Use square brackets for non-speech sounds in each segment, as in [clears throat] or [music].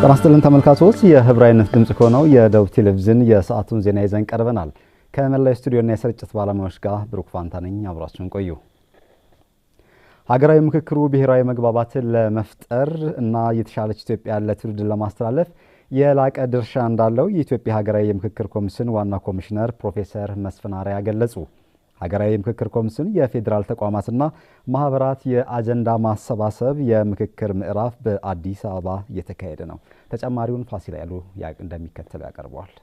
ጤና ይስጥልን ተመልካቾች፣ የህብራዊነት ድምፅ ከሆነው የደቡብ ቴሌቪዥን የሰዓቱን ዜና ይዘን ቀርበናል። ከመላው ስቱዲዮና የስርጭት ባለሙያዎች ጋር ብሩክ ፋንታ ነኝ። አብራችሁን ቆዩ። ሀገራዊ ምክክሩ ብሔራዊ መግባባትን ለመፍጠር እና የተሻለች ኢትዮጵያ ለትውልድ ለማስተላለፍ የላቀ ድርሻ እንዳለው የኢትዮጵያ ሀገራዊ የምክክር ኮሚሽን ዋና ኮሚሽነር ፕሮፌሰር መስፍን አርአያ ገለጹ። ሀገራዊ የምክክር ኮሚሽን የፌዴራል ተቋማትና ማህበራት የአጀንዳ ማሰባሰብ የምክክር ምዕራፍ በአዲስ አበባ እየተካሄደ ነው። ተጨማሪውን ፋሲል ያሉ እንደሚከተል ያቀርበዋል።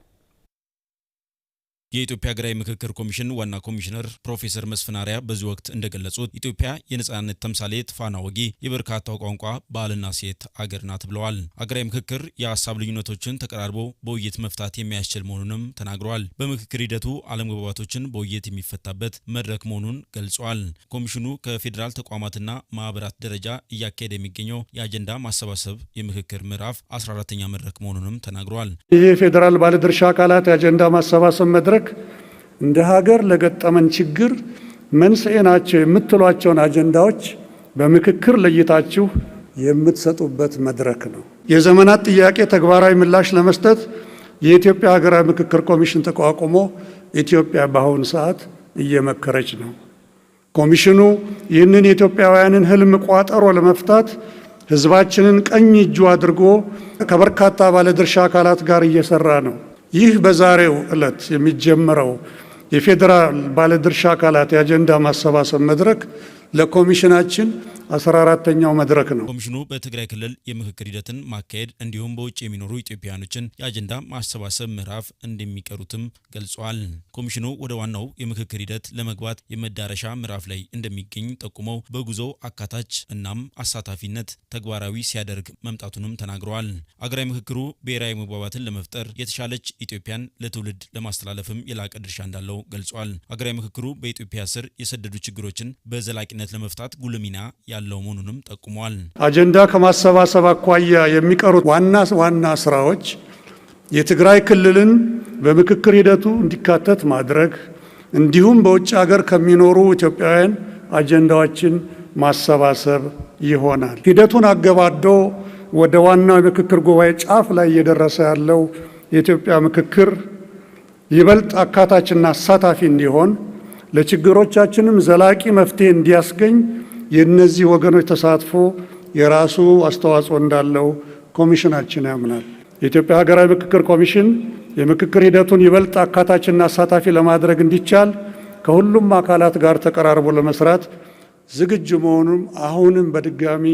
የኢትዮጵያ ሀገራዊ ምክክር ኮሚሽን ዋና ኮሚሽነር ፕሮፌሰር መስፍን አርአያ በዚህ ወቅት እንደገለጹት ኢትዮጵያ የነጻነት ተምሳሌት፣ ፋና ወጊ፣ የበርካታው ቋንቋ ባህልና ሴት አገር ናት ብለዋል። ሀገራዊ ምክክር የሀሳብ ልዩነቶችን ተቀራርቦ በውይይት መፍታት የሚያስችል መሆኑንም ተናግረዋል። በምክክር ሂደቱ አለመግባባቶችን በውይይት የሚፈታበት መድረክ መሆኑን ገልጿል። ኮሚሽኑ ከፌዴራል ተቋማትና ማህበራት ደረጃ እያካሄደ የሚገኘው የአጀንዳ ማሰባሰብ የምክክር ምዕራፍ 14 ተኛ መድረክ መሆኑንም ተናግረዋል። ይህ የፌዴራል ባለድርሻ አካላት የአጀንዳ ማሰባሰብ መድረክ በማድረግ እንደ ሀገር ለገጠመን ችግር መንስኤ ናቸው የምትሏቸውን አጀንዳዎች በምክክር ለይታችሁ የምትሰጡበት መድረክ ነው። የዘመናት ጥያቄ ተግባራዊ ምላሽ ለመስጠት የኢትዮጵያ ሀገራዊ ምክክር ኮሚሽን ተቋቁሞ ኢትዮጵያ በአሁኑ ሰዓት እየመከረች ነው። ኮሚሽኑ ይህንን የኢትዮጵያውያንን ህልም ቋጠሮ ለመፍታት ህዝባችንን ቀኝ እጁ አድርጎ ከበርካታ ባለድርሻ አካላት ጋር እየሰራ ነው። ይህ በዛሬው ዕለት የሚጀመረው የፌዴራል ባለድርሻ አካላት የአጀንዳ ማሰባሰብ መድረክ ለኮሚሽናችን አስራ አራተኛው መድረክ ነው። ኮሚሽኑ በትግራይ ክልል የምክክር ሂደትን ማካሄድ እንዲሁም በውጭ የሚኖሩ ኢትዮጵያውያኖችን የአጀንዳ ማሰባሰብ ምዕራፍ እንደሚቀሩትም ገልጿል። ኮሚሽኑ ወደ ዋናው የምክክር ሂደት ለመግባት የመዳረሻ ምዕራፍ ላይ እንደሚገኝ ጠቁመው በጉዞ አካታች እናም አሳታፊነት ተግባራዊ ሲያደርግ መምጣቱንም ተናግረዋል። አገራዊ ምክክሩ ብሔራዊ መግባባትን ለመፍጠር የተሻለች ኢትዮጵያን ለትውልድ ለማስተላለፍም የላቀ ድርሻ እንዳለው ገልጿል። አገራዊ ምክክሩ በኢትዮጵያ ስር የሰደዱ ችግሮችን በዘላቂ በዘላቂነት ለመፍታት ጉልህ ሚና ያለው መሆኑንም ጠቁመዋል። አጀንዳ ከማሰባሰብ አኳያ የሚቀሩት ዋና ዋና ስራዎች የትግራይ ክልልን በምክክር ሂደቱ እንዲካተት ማድረግ እንዲሁም በውጭ ሀገር ከሚኖሩ ኢትዮጵያውያን አጀንዳዎችን ማሰባሰብ ይሆናል። ሂደቱን አገባዶ ወደ ዋናው የምክክር ጉባኤ ጫፍ ላይ እየደረሰ ያለው የኢትዮጵያ ምክክር ይበልጥ አካታችና አሳታፊ እንዲሆን ለችግሮቻችንም ዘላቂ መፍትሄ እንዲያስገኝ የእነዚህ ወገኖች ተሳትፎ የራሱ አስተዋጽኦ እንዳለው ኮሚሽናችን ያምናል። የኢትዮጵያ ሀገራዊ ምክክር ኮሚሽን የምክክር ሂደቱን ይበልጥ አካታችና አሳታፊ ለማድረግ እንዲቻል ከሁሉም አካላት ጋር ተቀራርቦ ለመስራት ዝግጁ መሆኑም አሁንም በድጋሚ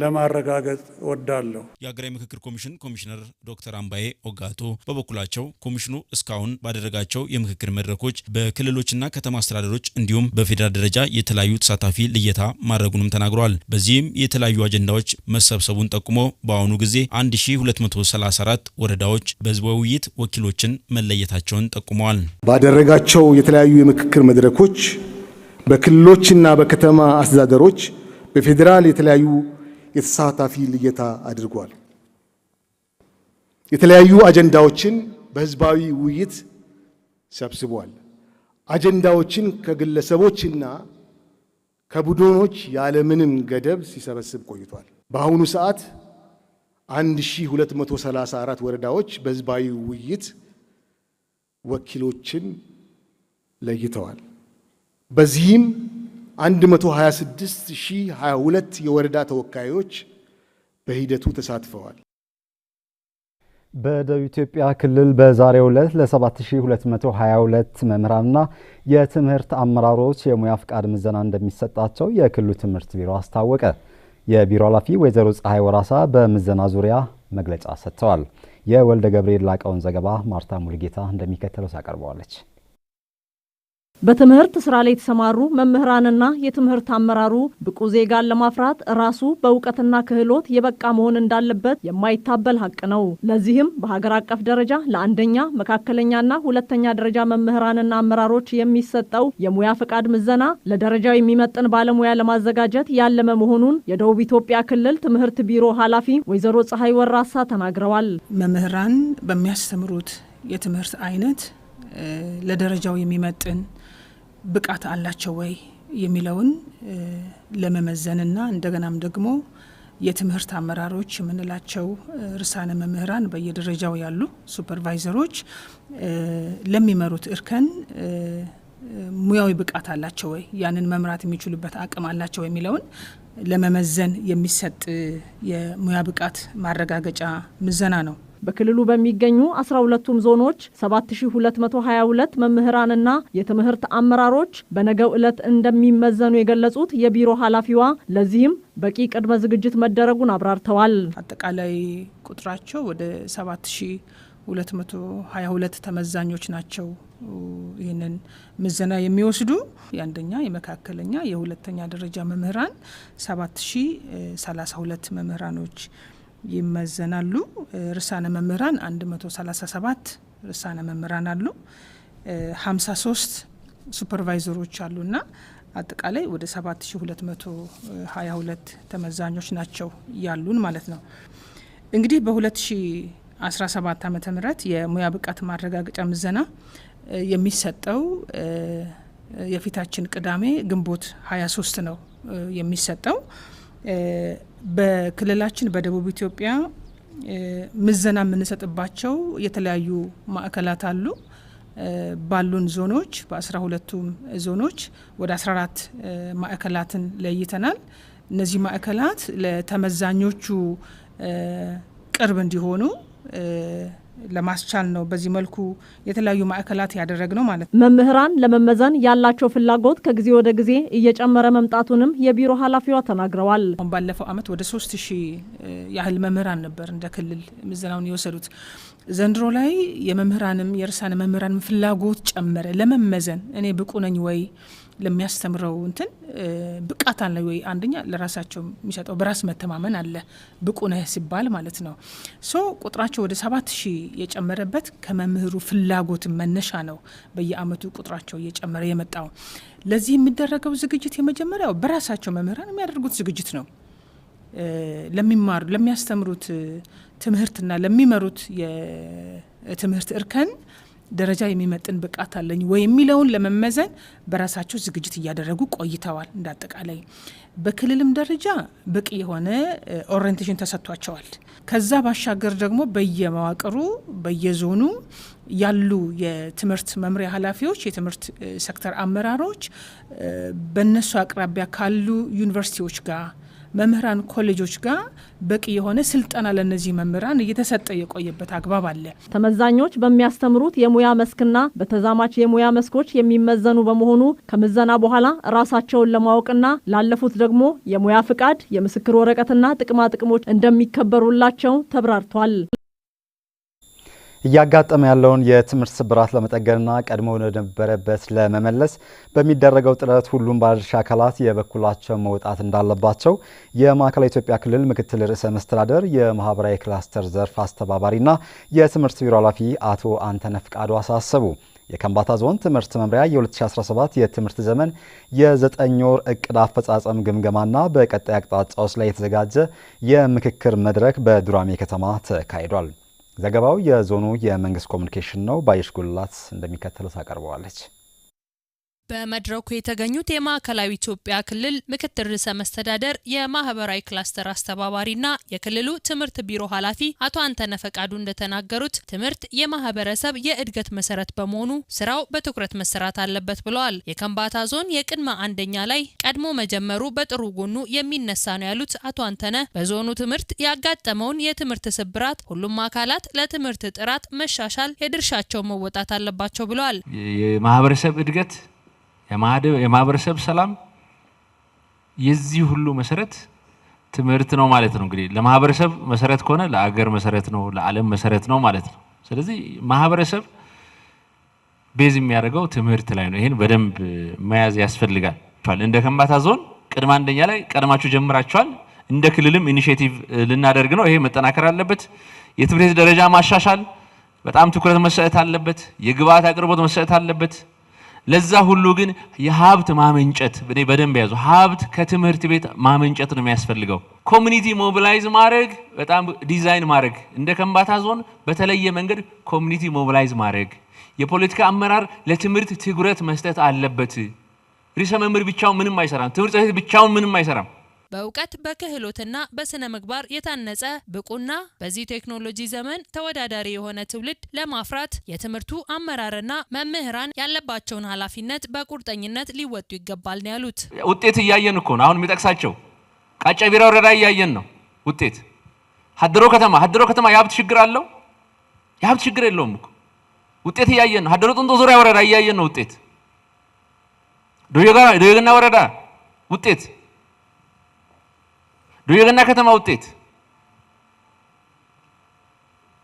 ለማረጋገጥ ወዳለሁ የሀገራዊ ምክክር ኮሚሽን ኮሚሽነር ዶክተር አምባዬ ኦጋቶ በበኩላቸው ኮሚሽኑ እስካሁን ባደረጋቸው የምክክር መድረኮች በክልሎችና ከተማ አስተዳደሮች እንዲሁም በፌዴራል ደረጃ የተለያዩ ተሳታፊ ልየታ ማድረጉንም ተናግረዋል። በዚህም የተለያዩ አጀንዳዎች መሰብሰቡን ጠቁሞ በአሁኑ ጊዜ 1234 ወረዳዎች በህዝበ ውይይት ወኪሎችን መለየታቸውን ጠቁመዋል። ባደረጋቸው የተለያዩ የምክክር መድረኮች በክልሎችና በከተማ አስተዳደሮች በፌዴራል የተለያዩ የተሳታፊ ልየታ አድርጓል። የተለያዩ አጀንዳዎችን በህዝባዊ ውይይት ሰብስቧል። አጀንዳዎችን ከግለሰቦችና ከቡድኖች ያለምንም ገደብ ሲሰበስብ ቆይቷል። በአሁኑ ሰዓት 1234 ወረዳዎች በህዝባዊ ውይይት ወኪሎችን ለይተዋል። በዚህም 126022 የወረዳ ተወካዮች በሂደቱ ተሳትፈዋል። በደቡብ ኢትዮጵያ ክልል በዛሬው ዕለት ለ7222 መምህራንና የትምህርት አመራሮች የሙያ ፍቃድ ምዘና እንደሚሰጣቸው የክልሉ ትምህርት ቢሮ አስታወቀ። የቢሮ ኃላፊ ወይዘሮ ፀሐይ ወራሳ በምዘና ዙሪያ መግለጫ ሰጥተዋል። የወልደ ገብርኤል ላቀውን ዘገባ ማርታ ሙልጌታ እንደሚከተለው ታቀርበዋለች። በትምህርት ስራ ላይ የተሰማሩ መምህራንና የትምህርት አመራሩ ብቁ ዜጋን ለማፍራት ራሱ በእውቀትና ክህሎት የበቃ መሆን እንዳለበት የማይታበል ሀቅ ነው። ለዚህም በሀገር አቀፍ ደረጃ ለአንደኛ መካከለኛና ሁለተኛ ደረጃ መምህራንና አመራሮች የሚሰጠው የሙያ ፈቃድ ምዘና ለደረጃው የሚመጥን ባለሙያ ለማዘጋጀት ያለመ መሆኑን የደቡብ ኢትዮጵያ ክልል ትምህርት ቢሮ ኃላፊ ወይዘሮ ፀሐይ ወራሳ ተናግረዋል። መምህራን በሚያስተምሩት የትምህርት አይነት ለደረጃው የሚመጥን ብቃት አላቸው ወይ የሚለውን ለመመዘንና እንደገናም ደግሞ የትምህርት አመራሮች የምንላቸው ርዕሳነ መምህራን በየደረጃው ያሉ ሱፐርቫይዘሮች ለሚመሩት እርከን ሙያዊ ብቃት አላቸው ወይ፣ ያንን መምራት የሚችሉበት አቅም አላቸው የሚለውን ለመመዘን የሚሰጥ የሙያ ብቃት ማረጋገጫ ምዘና ነው። በክልሉ በሚገኙ 12ቱም ዞኖች 7222 መምህራንና የትምህርት አመራሮች በነገው ዕለት እንደሚመዘኑ የገለጹት የቢሮ ኃላፊዋ ለዚህም በቂ ቅድመ ዝግጅት መደረጉን አብራርተዋል። አጠቃላይ ቁጥራቸው ወደ 7222 ተመዛኞች ናቸው። ይህንን ምዘና የሚወስዱ የአንደኛ የመካከለኛ የሁለተኛ ደረጃ መምህራን 7032 መምህራኖች ይመዘናሉ። ርዕሳነ መምህራን 137 ርዕሳነ መምህራን አሉ። 53 ሱፐርቫይዘሮች አሉና አጠቃላይ ወደ 7222 ተመዛኞች ናቸው ያሉን ማለት ነው። እንግዲህ በ2017 ዓ ም የሙያ ብቃት ማረጋገጫ ምዘና የሚሰጠው የፊታችን ቅዳሜ ግንቦት 23 ነው የሚሰጠው። በክልላችን በደቡብ ኢትዮጵያ ምዘና የምንሰጥባቸው የተለያዩ ማዕከላት አሉ። ባሉን ዞኖች በአስራ ሁለቱም ዞኖች ወደ 14 ማዕከላትን ለይተናል። እነዚህ ማዕከላት ለተመዛኞቹ ቅርብ እንዲሆኑ ለማስቻል ነው በዚህ መልኩ የተለያዩ ማዕከላት ያደረግ ነው ማለት ነው። መምህራን ለመመዘን ያላቸው ፍላጎት ከጊዜ ወደ ጊዜ እየጨመረ መምጣቱንም የቢሮ ኃላፊዋ ተናግረዋል። አሁን ባለፈው አመት ወደ ሶስት ሺህ ያህል መምህራን ነበር እንደ ክልል ምዘናውን የወሰዱት። ዘንድሮ ላይ የመምህራንም የርዕሳነ መምህራንም ፍላጎት ጨመረ። ለመመዘን እኔ ብቁ ነኝ ወይ ለሚያስተምረው እንትን ብቃት አለ ወይ? አንደኛ ለራሳቸው የሚሰጠው በራስ መተማመን አለ ብቁ ነህ ሲባል ማለት ነው። ሶ ቁጥራቸው ወደ ሰባት ሺህ የጨመረበት ከመምህሩ ፍላጎት መነሻ ነው። በየአመቱ ቁጥራቸው እየጨመረ የመጣው ለዚህ የሚደረገው ዝግጅት የመጀመሪያው በራሳቸው መምህራን የሚያደርጉት ዝግጅት ነው። ለሚማሩ ለሚያስተምሩት ትምህርትና ለሚመሩት የትምህርት እርከን ደረጃ የሚመጥን ብቃት አለኝ ወይ የሚለውን ለመመዘን በራሳቸው ዝግጅት እያደረጉ ቆይተዋል። እንዳጠቃላይ በክልልም ደረጃ በቂ የሆነ ኦሪንቴሽን ተሰጥቷቸዋል። ከዛ ባሻገር ደግሞ በየመዋቅሩ በየዞኑ ያሉ የትምህርት መምሪያ ኃላፊዎች፣ የትምህርት ሴክተር አመራሮች በእነሱ አቅራቢያ ካሉ ዩኒቨርሲቲዎች ጋር መምህራን ኮሌጆች ጋር በቂ የሆነ ስልጠና ለእነዚህ መምህራን እየተሰጠ የቆየበት አግባብ አለ። ተመዛኞች በሚያስተምሩት የሙያ መስክና በተዛማች የሙያ መስኮች የሚመዘኑ በመሆኑ ከምዘና በኋላ ራሳቸውን ለማወቅና ላለፉት ደግሞ የሙያ ፍቃድ፣ የምስክር ወረቀትና ጥቅማ ጥቅሞች እንደሚከበሩላቸው ተብራርቷል። እያጋጠመ ያለውን የትምህርት ስብራት ለመጠገንና ቀድሞ ወደነበረበት ለመመለስ በሚደረገው ጥረት ሁሉም ባለድርሻ አካላት የበኩላቸው መውጣት እንዳለባቸው የማዕከላዊ ኢትዮጵያ ክልል ምክትል ርዕሰ መስተዳደር የማህበራዊ ክላስተር ዘርፍ አስተባባሪና የትምህርት ቢሮ ኃላፊ አቶ አንተነ ፍቃዱ አሳሰቡ። የከምባታ ዞን ትምህርት መምሪያ የ2017 የትምህርት ዘመን የዘጠኝ ወር እቅድ አፈጻጸም ግምገማና በቀጣይ አቅጣጫዎች ላይ የተዘጋጀ የምክክር መድረክ በዱራሜ ከተማ ተካሂዷል። ዘገባው የዞኑ የመንግስት ኮሚኒኬሽን ነው። ባየሽ ጉልላት እንደሚከተለው ታቀርበዋለች። በመድረኩ የተገኙት የማዕከላዊ ኢትዮጵያ ክልል ምክትል ርዕሰ መስተዳደር የማህበራዊ ክላስተር አስተባባሪና የክልሉ ትምህርት ቢሮ ኃላፊ አቶ አንተነ ፈቃዱ እንደተናገሩት ትምህርት የማህበረሰብ የእድገት መሰረት በመሆኑ ስራው በትኩረት መሰራት አለበት ብለዋል። የከንባታ ዞን የቅድመ አንደኛ ላይ ቀድሞ መጀመሩ በጥሩ ጎኑ የሚነሳ ነው ያሉት አቶ አንተነ በዞኑ ትምህርት ያጋጠመውን የትምህርት ስብራት ሁሉም አካላት ለትምህርት ጥራት መሻሻል የድርሻቸው መወጣት አለባቸው ብለዋል። የማህበረሰብ እድገት የማህበረሰብ ሰላም የዚህ ሁሉ መሰረት ትምህርት ነው ማለት ነው። እንግዲህ ለማህበረሰብ መሰረት ከሆነ ለአገር መሰረት ነው፣ ለዓለም መሰረት ነው ማለት ነው። ስለዚህ ማህበረሰብ ቤዝ የሚያደርገው ትምህርት ላይ ነው። ይህን በደንብ መያዝ ያስፈልጋል። እንደ ከምባታ ዞን ቅድመ አንደኛ ላይ ቀድማችሁ ጀምራችኋል። እንደ ክልልም ኢኒሼቲቭ ልናደርግ ነው። ይሄ መጠናከር አለበት። የትምህርት ደረጃ ማሻሻል በጣም ትኩረት መሰጠት አለበት። የግብዓት አቅርቦት መሰጠት አለበት። ለዛ ሁሉ ግን የሀብት ማመንጨት እኔ በደንብ ያዙ። ሀብት ከትምህርት ቤት ማመንጨት ነው የሚያስፈልገው። ኮሚኒቲ ሞቢላይዝ ማድረግ በጣም ዲዛይን ማድረግ እንደ ከምባታ ዞን በተለየ መንገድ ኮሚኒቲ ሞቢላይዝ ማድረግ። የፖለቲካ አመራር ለትምህርት ትኩረት መስጠት አለበት። ሪሰ መምህር ብቻውን ምንም አይሰራም። ትምህርት ቤት ብቻውን ምንም አይሰራም። በእውቀት በክህሎትና በስነ ምግባር የታነጸ ብቁና በዚህ ቴክኖሎጂ ዘመን ተወዳዳሪ የሆነ ትውልድ ለማፍራት የትምህርቱ አመራርና መምህራን ያለባቸውን ኃላፊነት በቁርጠኝነት ሊወጡ ይገባል ነው ያሉት። ውጤት እያየን እኮ ነው አሁን የሚጠቅሳቸው ቃጫ ቢራ ወረዳ እያየን ነው ውጤት። ሀድሮ ከተማ ሀድሮ ከተማ የሀብት ችግር አለው? የሀብት ችግር የለውም እኮ ውጤት እያየን ነው። ሀድሮ ጥንጦ ዙሪያ ወረዳ እያየን ነው ውጤት። ዶዮጋና ወረዳ ውጤት የገና ከተማ ውጤት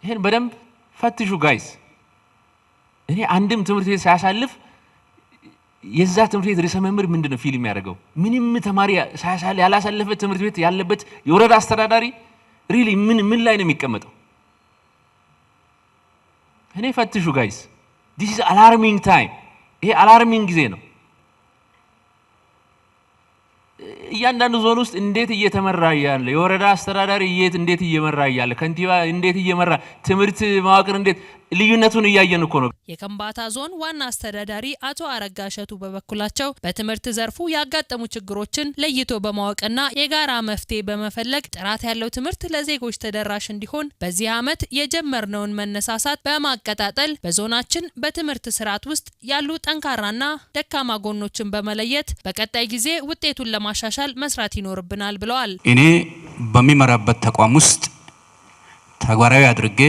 ይህን በደንብ ፈትሹ ጋይስ። እኔ አንድም ትምህርት ቤት ሳያሳልፍ የዛ ትምህርት ቤት ርዕሰ መምህር ምንድን ነው ፊል ምንም ተማሪ ያላሳለፈ ትምህርት ቤት ያለበት የወረዳ አስተዳዳሪ ሪሊ ምን ምን ላይ ነው የሚቀመጠው? እኔ ፈትሹ ጋይስ። ዲስ ኢዝ አላርሚንግ ታይም። ይሄ አላርሚንግ ጊዜ ነው። እያንዳንዱ ዞን ውስጥ እንዴት እየተመራ እያለ የወረዳ አስተዳዳሪ የት እንዴት እየመራ እያለ ከንቲባ እንዴት እየመራ ትምህርት መዋቅር እንዴት ልዩነቱን እያየን እኮ ነው። የከምባታ ዞን ዋና አስተዳዳሪ አቶ አረጋ እሸቱ በበኩላቸው በትምህርት ዘርፉ ያጋጠሙ ችግሮችን ለይቶ በማወቅና የጋራ መፍትሄ በመፈለግ ጥራት ያለው ትምህርት ለዜጎች ተደራሽ እንዲሆን በዚህ ዓመት የጀመርነውን መነሳሳት በማቀጣጠል በዞናችን በትምህርት ስርዓት ውስጥ ያሉ ጠንካራና ደካማ ጎኖችን በመለየት በቀጣይ ጊዜ ውጤቱን ለማሻሻል መስራት ይኖርብናል ብለዋል። እኔ በሚመራበት ተቋም ውስጥ ተግባራዊ አድርጌ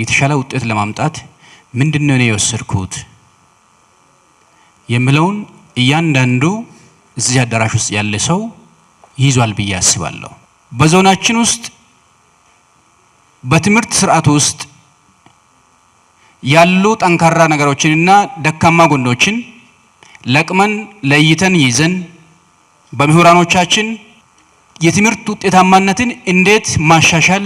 የተሻለ ውጤት ለማምጣት ምንድን ነው የወሰድኩት የምለውን እያንዳንዱ እዚህ አዳራሽ ውስጥ ያለ ሰው ይይዟል ብዬ አስባለሁ። በዞናችን ውስጥ በትምህርት ስርዓት ውስጥ ያሉ ጠንካራ ነገሮችንና ደካማ ጎኖችን ለቅመን ለይተን ይዘን በምሁራኖቻችን የትምህርት ውጤታማነትን እንዴት ማሻሻል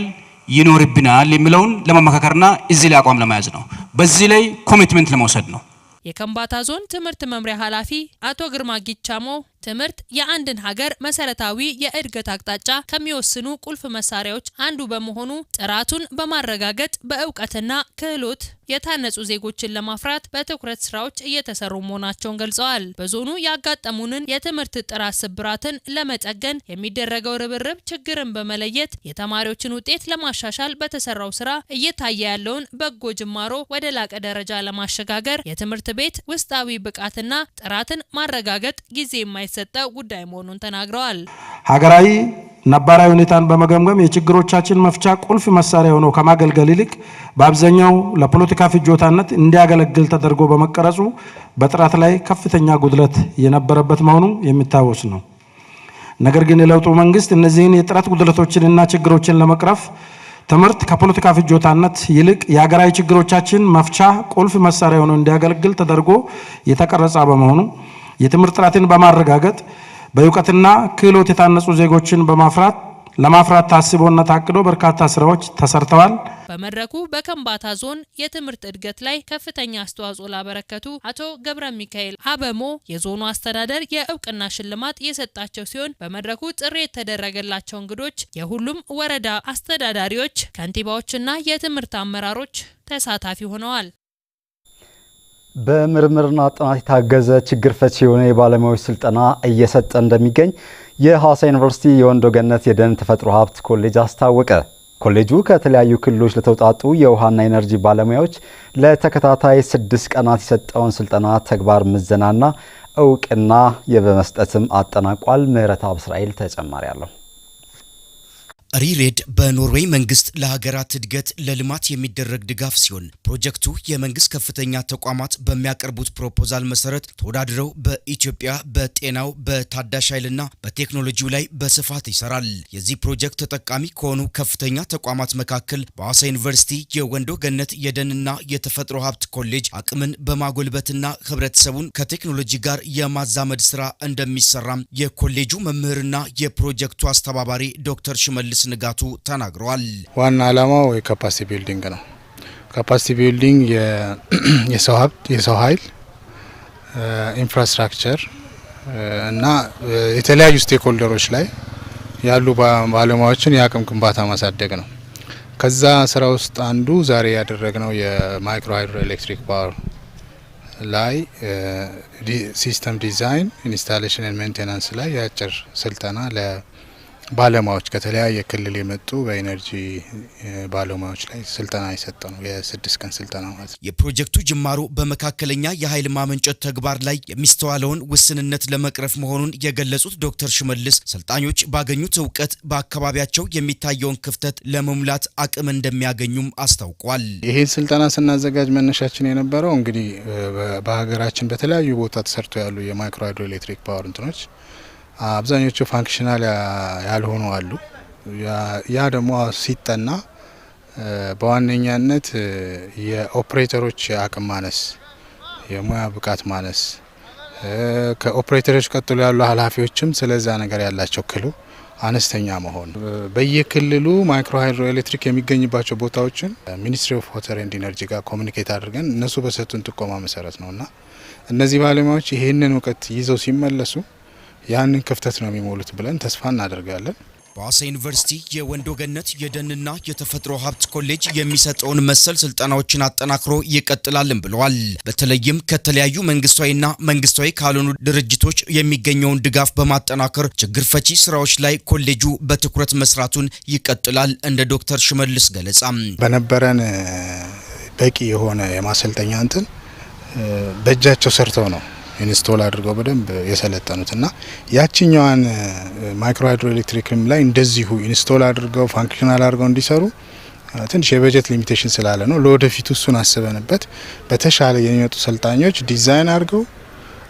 ይኖርብናል የሚለውን ለመመካከርና እዚህ ላይ አቋም ለመያዝ ነው። በዚህ ላይ ኮሚትመንት ለመውሰድ ነው። የከምባታ ዞን ትምህርት መምሪያ ኃላፊ አቶ ግርማ ጊቻሞ ትምህርት የአንድን ሀገር መሰረታዊ የእድገት አቅጣጫ ከሚወስኑ ቁልፍ መሳሪያዎች አንዱ በመሆኑ ጥራቱን በማረጋገጥ በእውቀትና ክህሎት የታነጹ ዜጎችን ለማፍራት በትኩረት ስራዎች እየተሰሩ መሆናቸውን ገልጸዋል። በዞኑ ያጋጠሙንን የትምህርት ጥራት ስብራትን ለመጠገን የሚደረገው ርብርብ ችግርን በመለየት የተማሪዎችን ውጤት ለማሻሻል በተሰራው ስራ እየታየ ያለውን በጎ ጅማሮ ወደ ላቀ ደረጃ ለማሸጋገር የትምህርት ቤት ውስጣዊ ብቃትና ጥራትን ማረጋገጥ ጊዜ የማይ የማይሰጠ ጉዳይ መሆኑን ተናግረዋል። ሀገራዊ ነባራዊ ሁኔታን በመገምገም የችግሮቻችን መፍቻ ቁልፍ መሳሪያ ሆኖ ከማገልገል ይልቅ በአብዛኛው ለፖለቲካ ፍጆታነት እንዲያገለግል ተደርጎ በመቀረጹ በጥራት ላይ ከፍተኛ ጉድለት የነበረበት መሆኑ የሚታወስ ነው። ነገር ግን የለውጡ መንግስት እነዚህን የጥረት ጉድለቶችንና ችግሮችን ለመቅረፍ ትምህርት ከፖለቲካ ፍጆታነት ይልቅ የሀገራዊ ችግሮቻችን መፍቻ ቁልፍ መሳሪያ ሆኖ እንዲያገለግል ተደርጎ የተቀረጸ በመሆኑ የትምህርት ጥራትን በማረጋገጥ በእውቀትና ክህሎት የታነጹ ዜጎችን በማፍራት ለማፍራት ታስቦና ታቅዶ በርካታ ስራዎች ተሰርተዋል። በመድረኩ በከምባታ ዞን የትምህርት እድገት ላይ ከፍተኛ አስተዋጽኦ ላበረከቱ አቶ ገብረ ሚካኤል አበሞ የዞኑ አስተዳደር የእውቅና ሽልማት የሰጣቸው ሲሆን በመድረኩ ጥሪ የተደረገላቸው እንግዶች የሁሉም ወረዳ አስተዳዳሪዎች፣ ከንቲባዎችና የትምህርት አመራሮች ተሳታፊ ሆነዋል። በምርምርና ጥናት የታገዘ ችግር ፈቺ የሆነ የባለሙያዎች ስልጠና እየሰጠ እንደሚገኝ የሐዋሳ ዩኒቨርሲቲ የወንዶ ገነት የደን ተፈጥሮ ሀብት ኮሌጅ አስታወቀ። ኮሌጁ ከተለያዩ ክልሎች ለተውጣጡ የውሃና ኤነርጂ ባለሙያዎች ለተከታታይ ስድስት ቀናት የሰጠውን ስልጠና ተግባር ምዘናና እውቅና በመስጠትም አጠናቋል። ምህረት እስራኤል ተጨማሪ አለው። ሪሬድ በኖርዌይ መንግስት ለሀገራት እድገት ለልማት የሚደረግ ድጋፍ ሲሆን ፕሮጀክቱ የመንግስት ከፍተኛ ተቋማት በሚያቀርቡት ፕሮፖዛል መሰረት ተወዳድረው በኢትዮጵያ በጤናው በታዳሽ ኃይልና በቴክኖሎጂው ላይ በስፋት ይሰራል። የዚህ ፕሮጀክት ተጠቃሚ ከሆኑ ከፍተኛ ተቋማት መካከል በሐዋሳ ዩኒቨርሲቲ የወንዶ ገነት የደንና የተፈጥሮ ሀብት ኮሌጅ አቅምን በማጎልበትና ህብረተሰቡን ከቴክኖሎጂ ጋር የማዛመድ ስራ እንደሚሰራም የኮሌጁ መምህርና የፕሮጀክቱ አስተባባሪ ዶክተር ሽመልስ አዲስ ንጋቱ ተናግረዋል። ዋና ዓላማው የካፓሲቲ ቢልዲንግ ነው። ካፓሲቲ ቢልዲንግ [clears throat] የሰው ሀብት፣ የሰው ኃይል፣ ኢንፍራስትራክቸር እና የተለያዩ ስቴክሆልደሮች ላይ ያሉ ባለሙያዎችን የአቅም ግንባታ ማሳደግ ነው። ከዛ ስራ ውስጥ አንዱ ዛሬ ያደረግነው የማይክሮ ሃይድሮ ኤሌክትሪክ ፓወር ላይ ሲስተም ዲዛይን ኢንስታሌሽን ን ሜንቴናንስ ላይ የአጭር ስልጠና ባለሙያዎች ከተለያየ ክልል የመጡ በኤነርጂ ባለሙያዎች ላይ ስልጠና የሰጠ ነው። የስድስት ቀን ስልጠና ማለት ነው። የፕሮጀክቱ ጅማሮ በመካከለኛ የኃይል ማመንጨት ተግባር ላይ የሚስተዋለውን ውስንነት ለመቅረፍ መሆኑን የገለጹት ዶክተር ሽመልስ ሰልጣኞች ባገኙት እውቀት በአካባቢያቸው የሚታየውን ክፍተት ለመሙላት አቅም እንደሚያገኙም አስታውቋል። ይህን ስልጠና ስናዘጋጅ መነሻችን የነበረው እንግዲህ በሀገራችን በተለያዩ ቦታ ተሰርቶ ያሉ የማይክሮ ሃይድሮ ኤሌክትሪክ ፓወር እንትኖች አብዛኞቹ ፋንክሽናል ያልሆኑ አሉ። ያ ደግሞ ሲጠና በዋነኛነት የኦፕሬተሮች አቅም ማነስ፣ የሙያ ብቃት ማነስ፣ ከኦፕሬተሮች ቀጥሎ ያሉ ኃላፊዎችም ስለዛ ነገር ያላቸው ክሉ አነስተኛ መሆን፣ በየክልሉ ማይክሮ ሃይድሮ ኤሌክትሪክ የሚገኝባቸው ቦታዎችን ሚኒስትሪ ኦፍ ዋተር ኤንድ ኢነርጂ ጋር ኮሚኒኬት አድርገን እነሱ በሰጡን ጥቆማ መሰረት ነው እና እነዚህ ባለሙያዎች ይህንን እውቀት ይዘው ሲመለሱ ያንን ክፍተት ነው የሚሞሉት ብለን ተስፋ እናደርጋለን። በአዋሳ ዩኒቨርሲቲ የወንዶ ገነት የደንና የተፈጥሮ ሀብት ኮሌጅ የሚሰጠውን መሰል ስልጠናዎችን አጠናክሮ ይቀጥላልን ብለዋል። በተለይም ከተለያዩ መንግስታዊና መንግስታዊ ካልሆኑ ድርጅቶች የሚገኘውን ድጋፍ በማጠናከር ችግር ፈቺ ስራዎች ላይ ኮሌጁ በትኩረት መስራቱን ይቀጥላል። እንደ ዶክተር ሽመልስ ገለጻ በነበረን በቂ የሆነ የማሰልጠኛ እንትን በእጃቸው ሰርተው ነው ኢንስቶል አድርገው በደንብ የሰለጠኑት እና ያችኛዋን ማይክሮ ሃይድሮ ኤሌክትሪክም ላይ እንደዚሁ ኢንስቶል አድርገው ፋንክሽናል አድርገው እንዲሰሩ ትንሽ የበጀት ሊሚቴሽን ስላለ ነው። ለወደፊቱ እሱን አስበንበት በተሻለ የሚመጡ ሰልጣኞች ዲዛይን አድርገው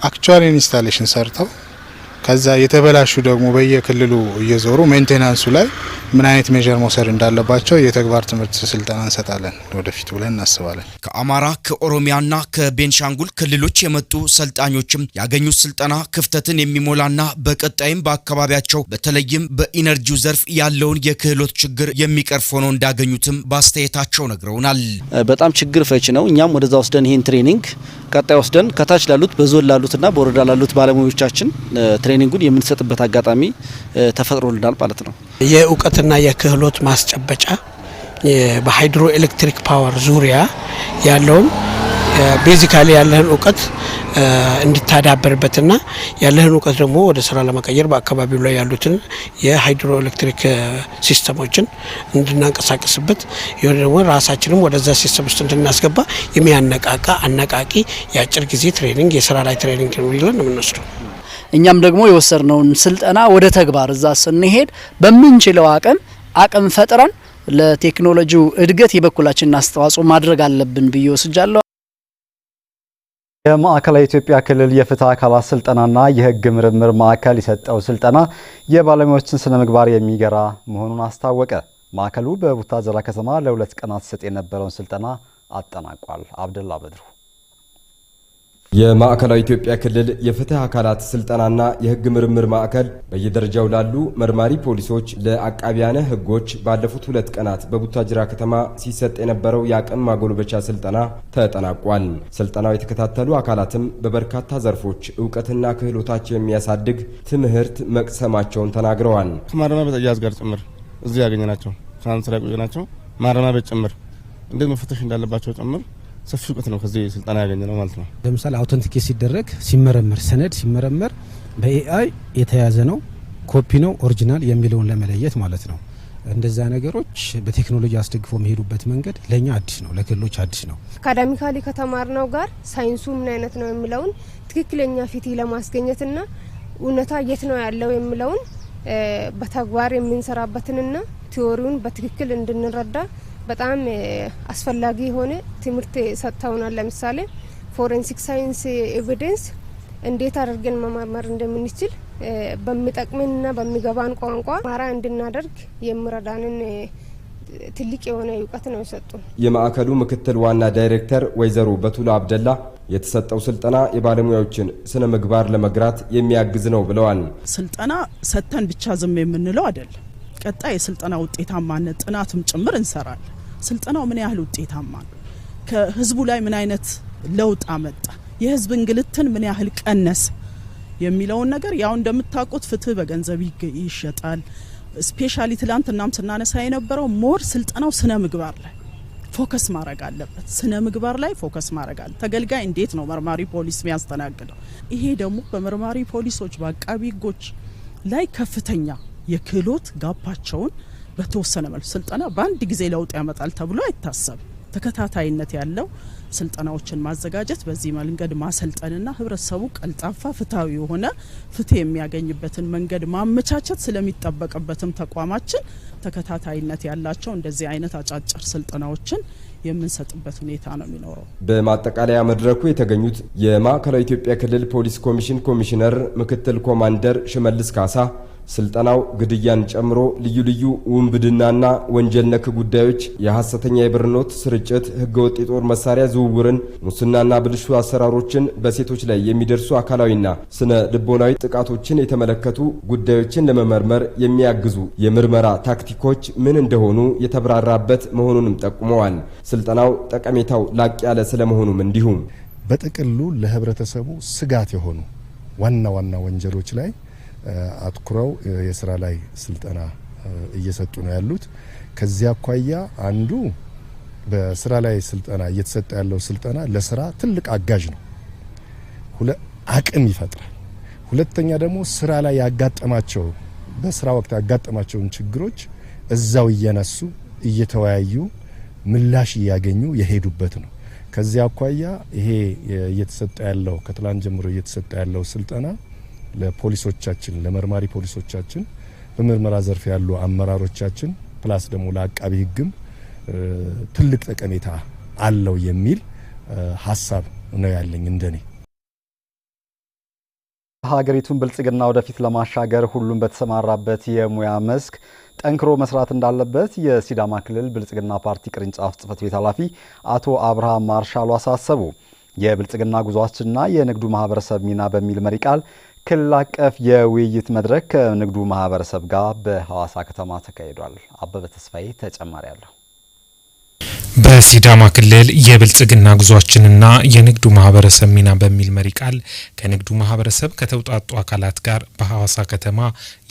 አክቹዋል ኢንስታሌሽን ሰርተው ከዛ የተበላሹ ደግሞ በየክልሉ እየዞሩ ሜንቴናንሱ ላይ ምን አይነት ሜዥር መውሰድ እንዳለባቸው የተግባር ትምህርት ስልጠና እንሰጣለን ወደፊት ብለን እናስባለን። ከአማራ ከኦሮሚያና ከቤንሻንጉል ክልሎች የመጡ ሰልጣኞችም ያገኙት ስልጠና ክፍተትን የሚሞላና በቀጣይም በአካባቢያቸው በተለይም በኢነርጂው ዘርፍ ያለውን የክህሎት ችግር የሚቀርፍ ሆኖ እንዳገኙትም በአስተያየታቸው ነግረውናል። በጣም ችግር ፈች ነው። እኛም ወደዛ ወስደን ይህን ትሬኒንግ ቀጣይ ወስደን ከታች ላሉት በዞን ላሉትና በወረዳ ላሉት ባለሙያዎቻችን ትሬኒንጉን የምንሰጥበት አጋጣሚ ተፈጥሮልናል ማለት ነው። የእውቀትና የክህሎት ማስጨበጫ በሃይድሮ ኤሌክትሪክ ፓወር ዙሪያ ያለውን ቤዚካሊ ያለህን እውቀት እንድታዳበርበትና ያለህን እውቀት ደግሞ ወደ ስራ ለመቀየር በአካባቢው ላይ ያሉትን የሃይድሮ ኤሌክትሪክ ሲስተሞችን እንድናንቀሳቀስበት የሆነ ደግሞ ራሳችንም ወደዛ ሲስተም ውስጥ እንድናስገባ የሚያነቃቃ አነቃቂ የአጭር ጊዜ ትሬኒንግ የስራ ላይ ትሬኒንግ ነው ብለን የምንወስደው። እኛም ደግሞ የወሰድነውን ስልጠና ወደ ተግባር እዛ ስንሄድ በምንችለው አቅም አቅም ፈጥረን ለቴክኖሎጂው እድገት የበኩላችንን አስተዋጽኦ ማድረግ አለብን ብዬ ወስጃለሁ። የማዕከላዊ ኢትዮጵያ ክልል የፍትህ አካላት ስልጠናና የህግ ምርምር ማዕከል የሰጠው ስልጠና የባለሙያዎችን ስነ ምግባር የሚገራ መሆኑን አስታወቀ። ማዕከሉ በቡታጀራ ከተማ ለሁለት ቀናት ሲሰጥ የነበረውን ስልጠና አጠናቋል። አብደላ በድሩ የማዕከላዊ ኢትዮጵያ ክልል የፍትህ አካላት ስልጠናና የህግ ምርምር ማዕከል በየደረጃው ላሉ መርማሪ ፖሊሶች ለአቃቢያነ ህጎች ባለፉት ሁለት ቀናት በቡታጅራ ከተማ ሲሰጥ የነበረው የአቅም ማጎልበቻ ስልጠና ተጠናቋል። ስልጠናው የተከታተሉ አካላትም በበርካታ ዘርፎች እውቀትና ክህሎታቸው የሚያሳድግ ትምህርት መቅሰማቸውን ተናግረዋል። ከማረሚያ ቤት አያያዝ ጋር ጭምር እዚህ ያገኘናቸው ከአንድ ስራ ያቆየናቸው ማረሚያ ቤት ጭምር እንዴት መፈተሽ እንዳለባቸው ጭምር ሰፊ እውቀት ነው ከዚህ ስልጠና ያገኘ ነው ማለት ነው። ለምሳሌ አውተንቲኬት ሲደረግ ሲመረመር ሰነድ ሲመረመር በኤአይ የተያዘ ነው ኮፒ ነው ኦሪጂናል የሚለውን ለመለየት ማለት ነው። እንደዛ ነገሮች በቴክኖሎጂ አስደግፎ የሚሄዱበት መንገድ ለእኛ አዲስ ነው፣ ለክልሎች አዲስ ነው። አካዳሚካሊ ከተማርነው ጋር ሳይንሱ ምን አይነት ነው የሚለውን ትክክለኛ ፊት ለማስገኘትና እውነታ የት ነው ያለው የሚለውን በተግባር የምንሰራበትንና ቲዎሪውን በትክክል እንድንረዳ በጣም አስፈላጊ የሆነ ትምህርት ሰጥተውናል። ለምሳሌ ፎረንሲክ ሳይንስ ኤቪደንስ እንዴት አድርገን መመርመር እንደምንችል በሚጠቅምንና በሚገባን ቋንቋ ማራ እንድናደርግ የምረዳንን ትልቅ የሆነ እውቀት ነው የሰጡ። የማዕከሉ ምክትል ዋና ዳይሬክተር ወይዘሮ በቱላ አብደላ የተሰጠው ስልጠና የባለሙያዎችን ስነ ምግባር ለመግራት የሚያግዝ ነው ብለዋል። ስልጠና ሰጥተን ብቻ ዝም የምንለው አይደለም። ቀጣይ የስልጠና ውጤታማነት ጥናትም ጭምር እንሰራለን። ስልጠናው ምን ያህል ውጤታማ ነው፣ ከህዝቡ ላይ ምን አይነት ለውጥ አመጣ፣ የህዝብ እንግልትን ምን ያህል ቀነሰ የሚለውን ነገር ያው እንደምታውቁት ፍትህ በገንዘብ ይሸጣል። ስፔሻሊ ትላንት እናም ስናነሳ የነበረው ሞር ስልጠናው ስነ ምግባር ላይ ፎከስ ማድረግ አለበት። ስነ ምግባር ላይ ፎከስ ማድረግ አለ። ተገልጋይ እንዴት ነው መርማሪ ፖሊስ የሚያስተናግደው? ይሄ ደግሞ በመርማሪ ፖሊሶች በአቃቢ ህጎች ላይ ከፍተኛ የክህሎት ጋፓቸውን በተወሰነ መልኩ ስልጠና በአንድ ጊዜ ለውጥ ያመጣል ተብሎ አይታሰብ። ተከታታይነት ያለው ስልጠናዎችን ማዘጋጀት፣ በዚህ መንገድ ማሰልጠንና ህብረተሰቡ ቀልጣፋ፣ ፍትሐዊ የሆነ ፍትህ የሚያገኝበትን መንገድ ማመቻቸት ስለሚጠበቅበትም ተቋማችን ተከታታይነት ያላቸው እንደዚህ አይነት አጫጭር ስልጠናዎችን የምንሰጥበት ሁኔታ ነው የሚኖረው። በማጠቃለያ መድረኩ የተገኙት የማዕከላዊ ኢትዮጵያ ክልል ፖሊስ ኮሚሽን ኮሚሽነር ምክትል ኮማንደር ሽመልስ ካሳ ስልጠናው ግድያን ጨምሮ ልዩ ልዩ ውንብድናና ወንጀል ነክ ጉዳዮች፣ የሐሰተኛ የብር ኖት ስርጭት፣ ህገወጥ የጦር መሳሪያ ዝውውርን፣ ሙስናና ብልሹ አሰራሮችን፣ በሴቶች ላይ የሚደርሱ አካላዊና ስነ ልቦናዊ ጥቃቶችን የተመለከቱ ጉዳዮችን ለመመርመር የሚያግዙ የምርመራ ታክቲኮች ምን እንደሆኑ የተብራራበት መሆኑንም ጠቁመዋል። ስልጠናው ጠቀሜታው ላቅ ያለ ስለመሆኑም እንዲሁም በጥቅሉ ለህብረተሰቡ ስጋት የሆኑ ዋና ዋና ወንጀሎች ላይ አትኩረው የስራ ላይ ስልጠና እየሰጡ ነው ያሉት። ከዚያ አኳያ አንዱ በስራ ላይ ስልጠና እየተሰጠ ያለው ስልጠና ለስራ ትልቅ አጋዥ ነው፣ አቅም ይፈጥራል። ሁለተኛ ደግሞ ስራ ላይ ያጋጠማቸው በስራ ወቅት ያጋጠማቸውን ችግሮች እዛው እየነሱ እየተወያዩ ምላሽ እያገኙ የሄዱበት ነው። ከዚያ አኳያ ይሄ እየተሰጠ ያለው ከትላንት ጀምሮ እየተሰጠ ያለው ስልጠና ለፖሊሶቻችን ለመርማሪ ፖሊሶቻችን በምርመራ ዘርፍ ያሉ አመራሮቻችን ፕላስ ደግሞ ለአቃቢ ህግም ትልቅ ጠቀሜታ አለው የሚል ሀሳብ ነው ያለኝ እንደኔ። ሀገሪቱን ብልጽግና ወደፊት ለማሻገር ሁሉም በተሰማራበት የሙያ መስክ ጠንክሮ መስራት እንዳለበት የሲዳማ ክልል ብልጽግና ፓርቲ ቅርንጫፍ ጽህፈት ቤት ኃላፊ አቶ አብርሃም ማርሻሉ አሳሰቡ። የብልጽግና ጉዟችንና የንግዱ ማህበረሰብ ሚና በሚል መሪ ቃል ክልል አቀፍ የውይይት መድረክ ከንግዱ ማህበረሰብ ጋር በሐዋሳ ከተማ ተካሂዷል። አበበ ተስፋዬ ተጨማሪ አለሁ። በሲዳማ ክልል የብልጽግና ጉዟችንና የንግዱ ማህበረሰብ ሚና በሚል መሪ ቃል ከንግዱ ማህበረሰብ ከተውጣጡ አካላት ጋር በሐዋሳ ከተማ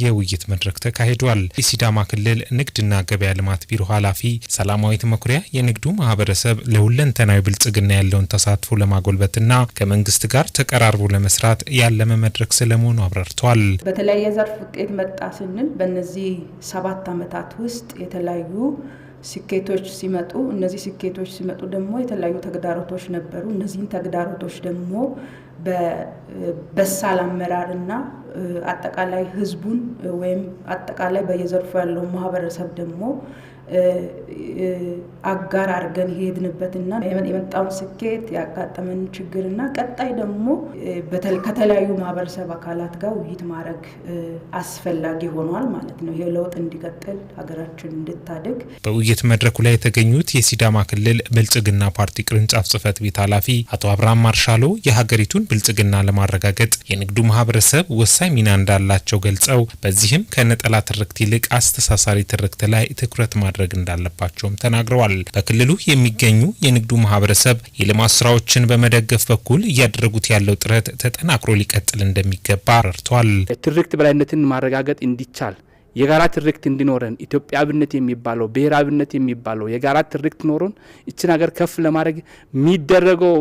የውይይት መድረክ ተካሂዷል። የሲዳማ ክልል ንግድና ገበያ ልማት ቢሮ ኃላፊ ሰላማዊት መኩሪያ የንግዱ ማህበረሰብ ለሁለንተናዊ ብልጽግና ያለውን ተሳትፎ ለማጎልበትና ከመንግስት ጋር ተቀራርቦ ለመስራት ያለመ መድረክ ስለመሆኑ አብራርተዋል። በተለያየ ዘርፍ ውጤት መጣ ስንል በእነዚህ ሰባት ዓመታት ውስጥ የተለያዩ ስኬቶች ሲመጡ እነዚህ ስኬቶች ሲመጡ ደግሞ የተለያዩ ተግዳሮቶች ነበሩ። እነዚህን ተግዳሮቶች ደግሞ በበሳል አመራር እና አጠቃላይ ህዝቡን ወይም አጠቃላይ በየዘርፉ ያለው ማህበረሰብ ደግሞ አጋር አድርገን የሄድንበትና የመጣውን ስኬት ያጋጠመን ችግርና ቀጣይ ደግሞ ከተለያዩ ማህበረሰብ አካላት ጋር ውይይት ማድረግ አስፈላጊ ሆኗል ማለት ነው። ይህ ለውጥ እንዲቀጥል ሀገራችን እንድታድግ። በውይይት መድረኩ ላይ የተገኙት የሲዳማ ክልል ብልጽግና ፓርቲ ቅርንጫፍ ጽህፈት ቤት ኃላፊ አቶ አብርሃም ማርሻሎ የሀገሪቱን ብልጽግና ለማረጋገጥ የንግዱ ማህበረሰብ ወሳኝ ሚና እንዳላቸው ገልጸው በዚህም ከነጠላ ትርክት ይልቅ አስተሳሳሪ ትርክት ላይ ትኩረት ማድረግ ማድረግ እንዳለባቸውም ተናግረዋል። በክልሉ የሚገኙ የንግዱ ማህበረሰብ የልማት ስራዎችን በመደገፍ በኩል እያደረጉት ያለው ጥረት ተጠናክሮ ሊቀጥል እንደሚገባ ረድተዋል። ትርክት በላይነትን ማረጋገጥ እንዲቻል የጋራ ትርክት እንዲኖረን ኢትዮጵያዊነት የሚባለው ብሔራዊነት የሚባለው የጋራ ትርክት ኖሮን እችን ሀገር ከፍ ለማድረግ የሚደረገው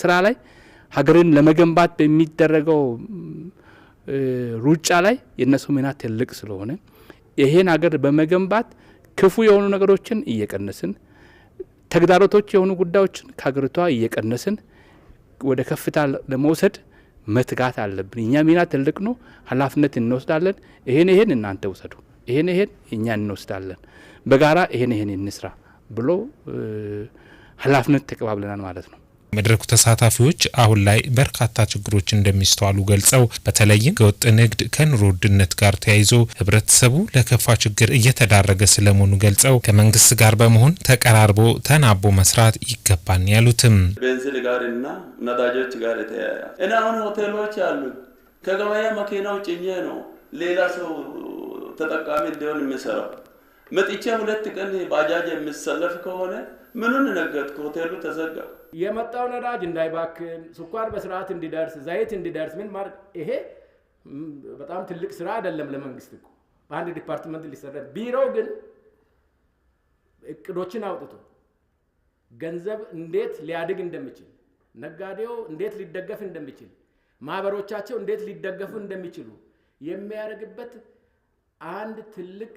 ስራ ላይ ሀገርን ለመገንባት በሚደረገው ሩጫ ላይ የእነሱ ሚና ትልቅ ስለሆነ ይሄን ሀገር በመገንባት ክፉ የሆኑ ነገሮችን እየቀነስን ተግዳሮቶች የሆኑ ጉዳዮችን ከሀገሪቷ እየቀነስን ወደ ከፍታ ለመውሰድ መትጋት አለብን። እኛ ሚና ትልቅ ነው። ኃላፊነት እንወስዳለን። ይሄን ይሄን እናንተ ውሰዱ፣ ይሄን ይሄን እኛ እንወስዳለን፣ በጋራ ይሄን ይሄን እንስራ ብሎ ኃላፊነት ተቀባብለናል ማለት ነው። የመድረኩ ተሳታፊዎች አሁን ላይ በርካታ ችግሮች እንደሚስተዋሉ ገልጸው በተለይም ከወጥ ንግድ ከኑሮ ውድነት ጋር ተያይዞ ህብረተሰቡ ለከፋ ችግር እየተዳረገ ስለመሆኑ ገልጸው ከመንግስት ጋር በመሆን ተቀራርቦ ተናቦ መስራት ይገባል ያሉትም ቤንዚን ጋር እና ነዳጆች ጋር የተያያ እና አሁን ሆቴሎች አሉ። ከገበያ መኪናው ጭኜ ነው ሌላ ሰው ተጠቃሚ እንዲሆን የሚሰራው መጥቼ ሁለት ቀን ባጃጅ የሚሰለፍ ከሆነ ምኑን ነገጥኩ? ሆቴሉ ተዘጋ። የመጣው ነዳጅ እንዳይባክን፣ ስኳር በስርዓት እንዲደርስ፣ ዘይት እንዲደርስ ምን ማድረግ ይሄ በጣም ትልቅ ስራ አይደለም ለመንግስት እኮ በአንድ ዲፓርትመንት ሊሰራ። ቢሮው ግን እቅዶችን አውጥቶ ገንዘብ እንዴት ሊያድግ እንደሚችል፣ ነጋዴው እንዴት ሊደገፍ እንደሚችል፣ ማህበሮቻቸው እንዴት ሊደገፉ እንደሚችሉ የሚያደርግበት አንድ ትልቅ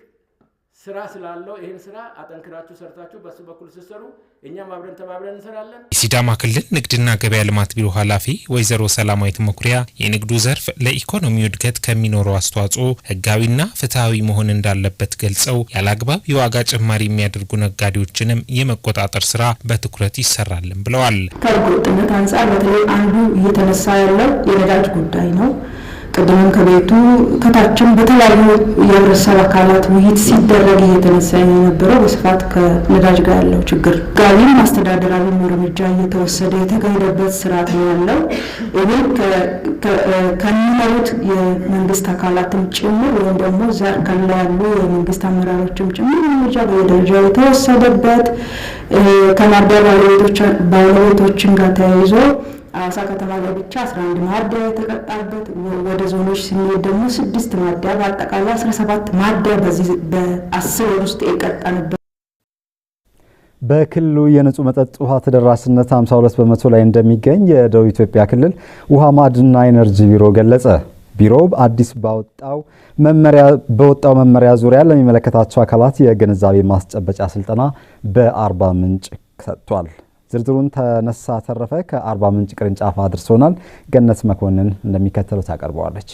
ስራ ስላለው ይህን ስራ አጠንክራችሁ ሰርታችሁ በሱ በኩል ስትሰሩ እኛም አብረን ተባብረን እንሰራለን። የሲዳማ ክልል ንግድና ገበያ ልማት ቢሮ ኃላፊ ወይዘሮ ሰላማዊት መኩሪያ የንግዱ ዘርፍ ለኢኮኖሚው እድገት ከሚኖረው አስተዋጽኦ ህጋዊና ፍትሐዊ መሆን እንዳለበት ገልጸው ያለአግባብ የዋጋ ጭማሪ የሚያደርጉ ነጋዴዎችንም የመቆጣጠር ስራ በትኩረት ይሰራልን ብለዋል። ከህገ አንጻር በተለይ አንዱ እየተነሳ ያለው የነዳጅ ጉዳይ ነው። ቅድምም ከቤቱ ከታችም በተለያዩ የህብረተሰብ አካላት ውይይት ሲደረግ እየተነሳ የነበረው በስፋት ከነዳጅ ጋር ያለው ችግር ጋቢም አስተዳደራዊም እርምጃ እየተወሰደ የተካሄደበት ስርዓት ነው ያለው። ይሄ ከሚመሩት የመንግስት አካላትም ጭምር ወይም ደግሞ እዛ ከላ ያሉ የመንግስት አመራሮችም ጭምር እርምጃ በየደረጃው የተወሰደበት ከማደር ባለቤቶችን ጋር ተያይዞ አዋሳ ከተማ ላይ ብቻ 11 ማደያ የተቀጣበት፣ ወደ ዞኖች ስንሄድ ደግሞ ስድስት ማደያ በአጠቃላይ 17 ማደያ በዚህ በአስር ወር ውስጥ የቀጣንበት። በክልሉ የንጹህ መጠጥ ውሃ ተደራሽነት 52 በመቶ ላይ እንደሚገኝ የደቡብ ኢትዮጵያ ክልል ውሃ ማዕድንና ኢነርጂ ቢሮ ገለጸ። ቢሮው አዲስ ባወጣው መመሪያ በወጣው መመሪያ ዙሪያ ለሚመለከታቸው አካላት የግንዛቤ ማስጨበጫ ስልጠና በአርባ ምንጭ ሰጥቷል። ዝርዝሩን ተነሳ ተረፈ ከአርባ ምንጭ ቅርንጫፍ አድርሶናል። ገነት መኮንን እንደሚከተሉት ታቀርበዋለች።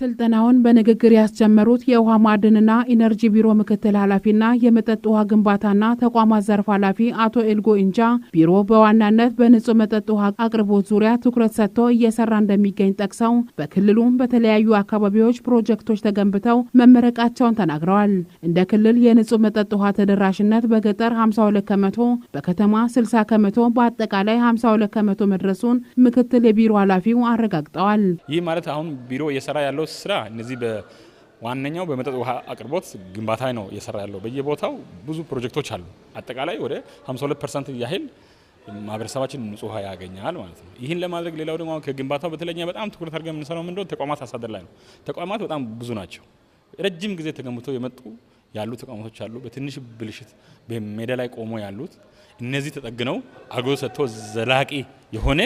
ስልጠናውን በንግግር ያስጀመሩት የውሃ ማዕድንና ኢነርጂ ቢሮ ምክትል ኃላፊና የመጠጥ ውሃ ግንባታና ተቋማት ዘርፍ ኃላፊ አቶ ኤልጎ ኢንጃ ቢሮ በዋናነት በንጹህ መጠጥ ውሃ አቅርቦት ዙሪያ ትኩረት ሰጥቶ እየሰራ እንደሚገኝ ጠቅሰው በክልሉም በተለያዩ አካባቢዎች ፕሮጀክቶች ተገንብተው መመረቃቸውን ተናግረዋል። እንደ ክልል የንጹህ መጠጥ ውሃ ተደራሽነት በገጠር 52 ከመቶ፣ በከተማ 60 ከመቶ፣ በአጠቃላይ 52 ከመቶ መድረሱን ምክትል የቢሮ ኃላፊው አረጋግጠዋል። ይህ ማለት አሁን ቢሮ እየሰራ ያለው የመንግስት ስራ እነዚህ ዋነኛው በመጠጥ ውሃ አቅርቦት ግንባታ ነው እየሰራ ያለው። በየቦታው ብዙ ፕሮጀክቶች አሉ። አጠቃላይ ወደ 52 ፐርሰንት ያህል ማህበረሰባችን ንጹህ ውሃ ያገኛል ማለት ነው። ይህን ለማድረግ ሌላው ደግሞ ከግንባታው በተለኛ በጣም ትኩረት አድርገን የምንሰራው ምንድነው ተቋማት አሳደር ላይ ነው። ተቋማት በጣም ብዙ ናቸው። ረጅም ጊዜ ተገንብተው የመጡ ያሉ ተቋማቶች አሉ። በትንሽ ብልሽት በሜዳ ላይ ቆሞ ያሉት እነዚህ ተጠግነው አገ ሰጥቶ ዘላቂ የሆነ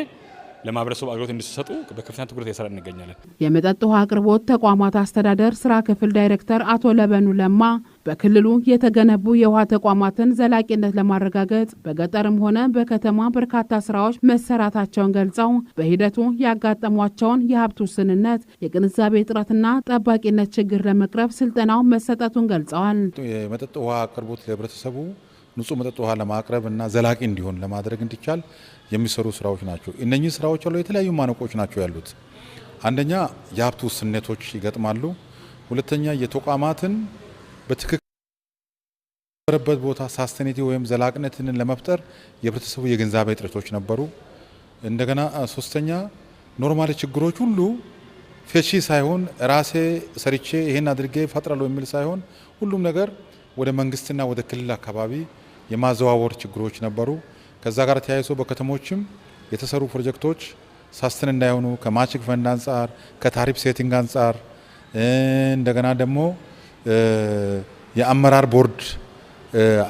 ለማህበረሰቡ አገልግሎት እንዲሰጡ በከፍተኛ ትኩረት እየሰራ እንገኛለን። የመጠጥ ውሃ አቅርቦት ተቋማት አስተዳደር ስራ ክፍል ዳይሬክተር አቶ ለበኑ ለማ በክልሉ የተገነቡ የውሃ ተቋማትን ዘላቂነት ለማረጋገጥ በገጠርም ሆነ በከተማ በርካታ ስራዎች መሰራታቸውን ገልጸው በሂደቱ ያጋጠሟቸውን የሀብት ውስንነት፣ የግንዛቤ እጥረትና ጠባቂነት ችግር ለመቅረብ ስልጠናው መሰጠቱን ገልጸዋል። የመጠጥ ውሃ አቅርቦት ለህብረተሰቡ ንጹህ መጠጥ ውሃ ለማቅረብ እና ዘላቂ እንዲሆን ለማድረግ እንዲቻል የሚሰሩ ስራዎች ናቸው። እነኚህ ስራዎች አሉ የተለያዩ ማነቆች ናቸው ያሉት። አንደኛ የሀብት ውስንነቶች ይገጥማሉ። ሁለተኛ የተቋማትን በትክክለበት ቦታ ሳስተኔቲ ወይም ዘላቅነትን ለመፍጠር የህብረተሰቡ የግንዛቤ እጥረቶች ነበሩ። እንደገና ሶስተኛ ኖርማል ችግሮች ሁሉ ፌቺ ሳይሆን ራሴ ሰርቼ ይሄን አድርጌ ፈጥራለሁ የሚል ሳይሆን ሁሉም ነገር ወደ መንግስትና ወደ ክልል አካባቢ የማዘዋወር ችግሮች ነበሩ። ከዛ ጋር ተያይዞ በከተሞችም የተሰሩ ፕሮጀክቶች ሳስትን እንዳይሆኑ ከማችግ ፈንድ አንጻር፣ ከታሪፍ ሴቲንግ አንጻር እንደገና ደግሞ የአመራር ቦርድ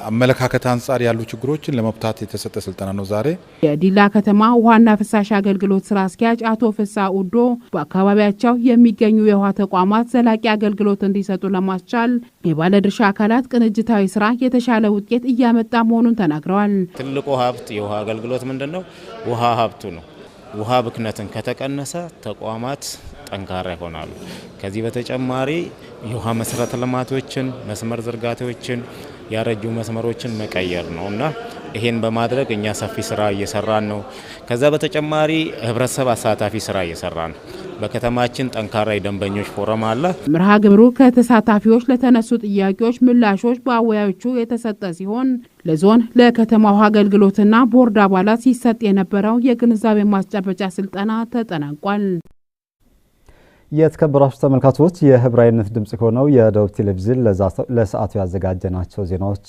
አመለካከት አንጻር ያሉ ችግሮችን ለመፍታት የተሰጠ ስልጠና ነው። ዛሬ የዲላ ከተማ ውሃና ፍሳሽ አገልግሎት ስራ አስኪያጅ አቶ ፍሳ ኡዶ በአካባቢያቸው የሚገኙ የውሃ ተቋማት ዘላቂ አገልግሎት እንዲሰጡ ለማስቻል የባለድርሻ አካላት ቅንጅታዊ ስራ የተሻለ ውጤት እያመጣ መሆኑን ተናግረዋል። ትልቁ ሀብት የውሃ አገልግሎት ምንድን ነው? ውሃ ሀብቱ ነው። ውሃ ብክነትን ከተቀነሰ ተቋማት ጠንካራ ይሆናሉ። ከዚህ በተጨማሪ የውሃ መሰረተ ልማቶችን መስመር ዝርጋታዎችን ያረጁ መስመሮችን መቀየር ነው እና ይሄን በማድረግ እኛ ሰፊ ስራ እየሰራን ነው። ከዛ በተጨማሪ ህብረተሰብ አሳታፊ ስራ እየሰራ ነው። በከተማችን ጠንካራ የደንበኞች ፎረም አለ። መርሃ ግብሩ ከተሳታፊዎች ለተነሱ ጥያቄዎች ምላሾች በአወያዮቹ የተሰጠ ሲሆን ለዞን ለከተማው አገልግሎትና ቦርድ አባላት ሲሰጥ የነበረው የግንዛቤ ማስጨበጫ ስልጠና ተጠናቋል። የተከበራችሁ ተመልካቾች የህብራይነት ድምጽ ከሆነው የደቡብ ቴሌቪዥን ለሰዓቱ ያዘጋጀናቸው ዜናዎች